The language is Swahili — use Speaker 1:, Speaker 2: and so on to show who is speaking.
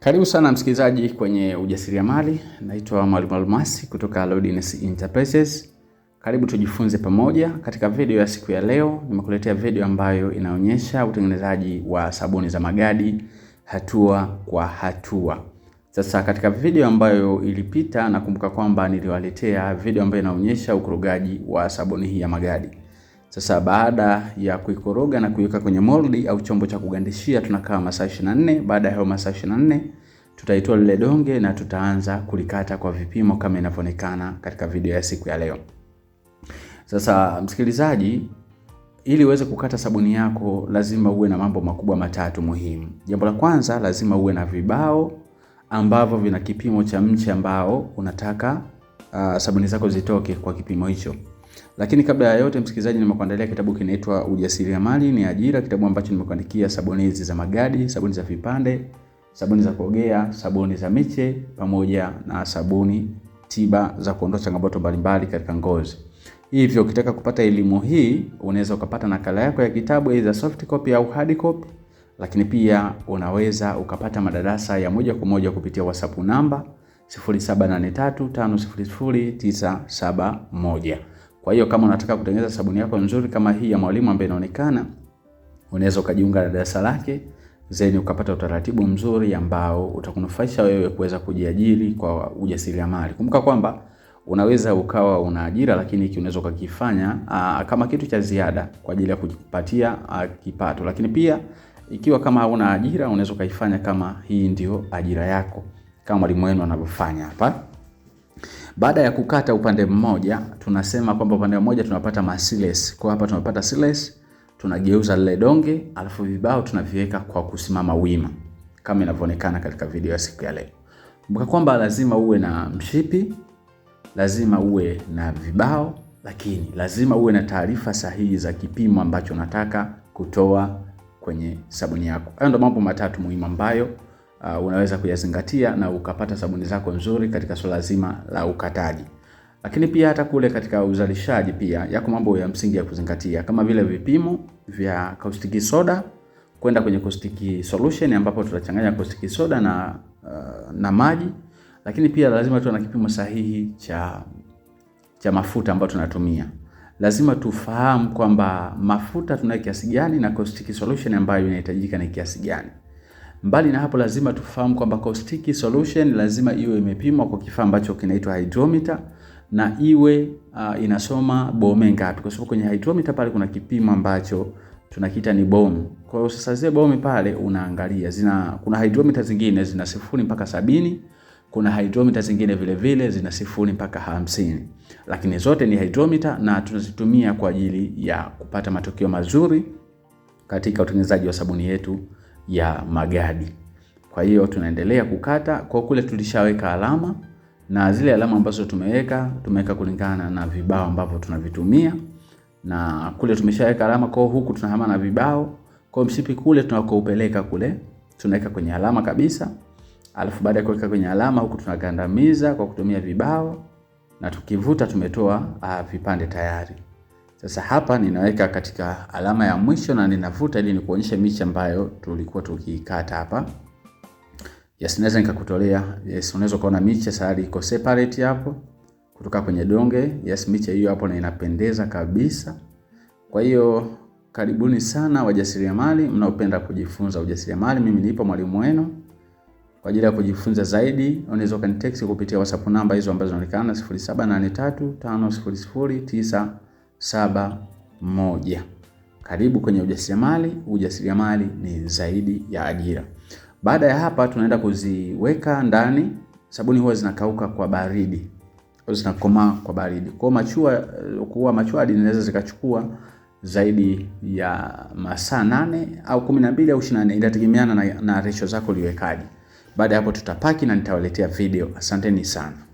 Speaker 1: Karibu sana msikilizaji kwenye ujasiriamali. Naitwa Mwalimu Almasi kutoka Lodness Enterprises. Karibu tujifunze pamoja. Katika video ya siku ya leo, nimekuletea video ambayo inaonyesha utengenezaji wa sabuni za magadi hatua kwa hatua. Sasa katika video ambayo ilipita, nakumbuka kwamba niliwaletea video ambayo inaonyesha ukorogaji wa sabuni hii ya magadi. Sasa baada ya kuikoroga na kuiweka kwenye moldi au chombo cha kugandishia tunakaa masaa 24. Baada ya hayo masaa 24 tutaitoa lile donge na tutaanza kulikata kwa vipimo kama inavyoonekana katika video ya siku ya leo. Sasa msikilizaji, ili uweze kukata sabuni yako lazima uwe na mambo makubwa matatu muhimu. Jambo la kwanza, lazima uwe na vibao ambavyo vina kipimo cha mche ambao unataka uh, sabuni zako zitoke kwa kipimo hicho. Lakini kabla ya yote, msikilizaji, nimekuandalia kitabu kinaitwa Ujasiriamali ni Ajira, kitabu ambacho nimekuandikia sabuni za magadi, sabuni za vipande, sabuni za kuogea, sabuni za miche pamoja na sabuni tiba za kuondoa changamoto mbalimbali katika ngozi. Hivyo ukitaka kupata elimu hii unaweza ukapata nakala yako ya kitabu either soft copy au hard copy, lakini pia unaweza ukapata madarasa ya moja kwa moja kupitia WhatsApp namba 0783500971. Kwa hiyo kama unataka kutengeneza sabuni yako nzuri kama hii ya mwalimu ambaye inaonekana, unaweza ukajiunga na darasa lake zeni ukapata utaratibu mzuri ambao utakunufaisha wewe kuweza kujiajiri kwa ujasiriamali. Kumbuka kwamba unaweza ukawa una ajira, lakini hiki unaweza ukakifanya ah, kama kitu cha ziada kwa ajili ya kujipatia ah, kipato, lakini pia ikiwa kama una ajira unaweza ukaifanya kama hii ndio ajira yako kama mwalimu wenu anavyofanya hapa. Baada ya kukata upande mmoja, tunasema kwamba upande mmoja tunapata masiles. Kwa hapa tunapata siles, tunageuza lile donge, alafu vibao tunaviweka kwa kusimama wima kama inavyoonekana katika video ya siku ya leo. Kumbuka kwamba lazima uwe na mshipi, lazima uwe na vibao, lakini lazima uwe na taarifa sahihi za kipimo ambacho unataka kutoa kwenye sabuni yako. Hayo ndo mambo matatu muhimu ambayo uh, unaweza kuyazingatia na ukapata sabuni zako nzuri katika swala zima la ukataji. Lakini pia hata kule katika uzalishaji pia yako mambo ya msingi ya kuzingatia kama vile vipimo vya caustic soda kwenda kwenye caustic solution ambapo tutachanganya caustic soda na, uh, na maji, lakini pia lazima tuwe na kipimo sahihi cha, cha mafuta ambayo tunatumia. Lazima tufahamu kwamba mafuta tunayo kiasi gani na caustic solution ambayo inahitajika ni kiasi gani. Mbali na hapo, lazima tufahamu kwamba caustic solution lazima iwe imepimwa kwa kifaa ambacho kinaitwa hydrometer na iwe uh, inasoma bome ngapi, kwa sababu kwenye hydrometer pale kuna kipimo ambacho tunakiita ni bomu. Kwa hiyo sasa zile bomu pale unaangalia zina, kuna hydrometer zingine zina sifuri mpaka sabini kuna hydrometer zingine vile vile zina sifuri mpaka hamsini, lakini zote ni hydrometer na tunazitumia kwa ajili ya kupata matokeo mazuri katika utengenezaji wa sabuni yetu ya magadi. Kwa hiyo tunaendelea kukata kwa kule, tulishaweka alama na zile alama ambazo tumeweka tumeweka kulingana na vibao ambavyo tunavitumia, na kule tumeshaweka alama kwa huku tunahama na vibao kwa mshipi kule tunakoupeleka kule tunaweka kwenye alama kabisa, alafu baada ya kuweka kwenye alama huku tunakandamiza kwa kutumia vibao na tukivuta tumetoa ah, vipande tayari. Sasa hapa ninaweka katika alama ya mwisho na ninavuta ili nikuonyeshe miche ambayo tulikuwa tukiikata hapa. Yes, naweza nikakutolea. Yes, unaweza kuona miche sasa iko separate hapo kutoka kwenye donge. Yes, miche hiyo hapo na inapendeza kabisa. Kwa hiyo karibuni sana wajasiriamali mnaopenda kujifunza ujasiriamali. Mimi nipo mwalimu wenu kwa ajili ya kujifunza zaidi. Unaweza ukanitext kupitia WhatsApp namba hizo ambazo zinaonekana 07835009 saba moja. Karibu kwenye ujasiriamali. Ujasiriamali ni zaidi ya ajira. Baada ya hapa, tunaenda kuziweka ndani. Sabuni huwa zinakauka kwa baridi, zinakomaa kwa baridi, kwa machua kuwa machua zinaweza zikachukua zaidi ya masaa nane au kumi na mbili au ishirini na nne inategemeana na, na resho zako uliwekaje. Baada ya hapo tutapaki na nitawaletea video. Asanteni sana.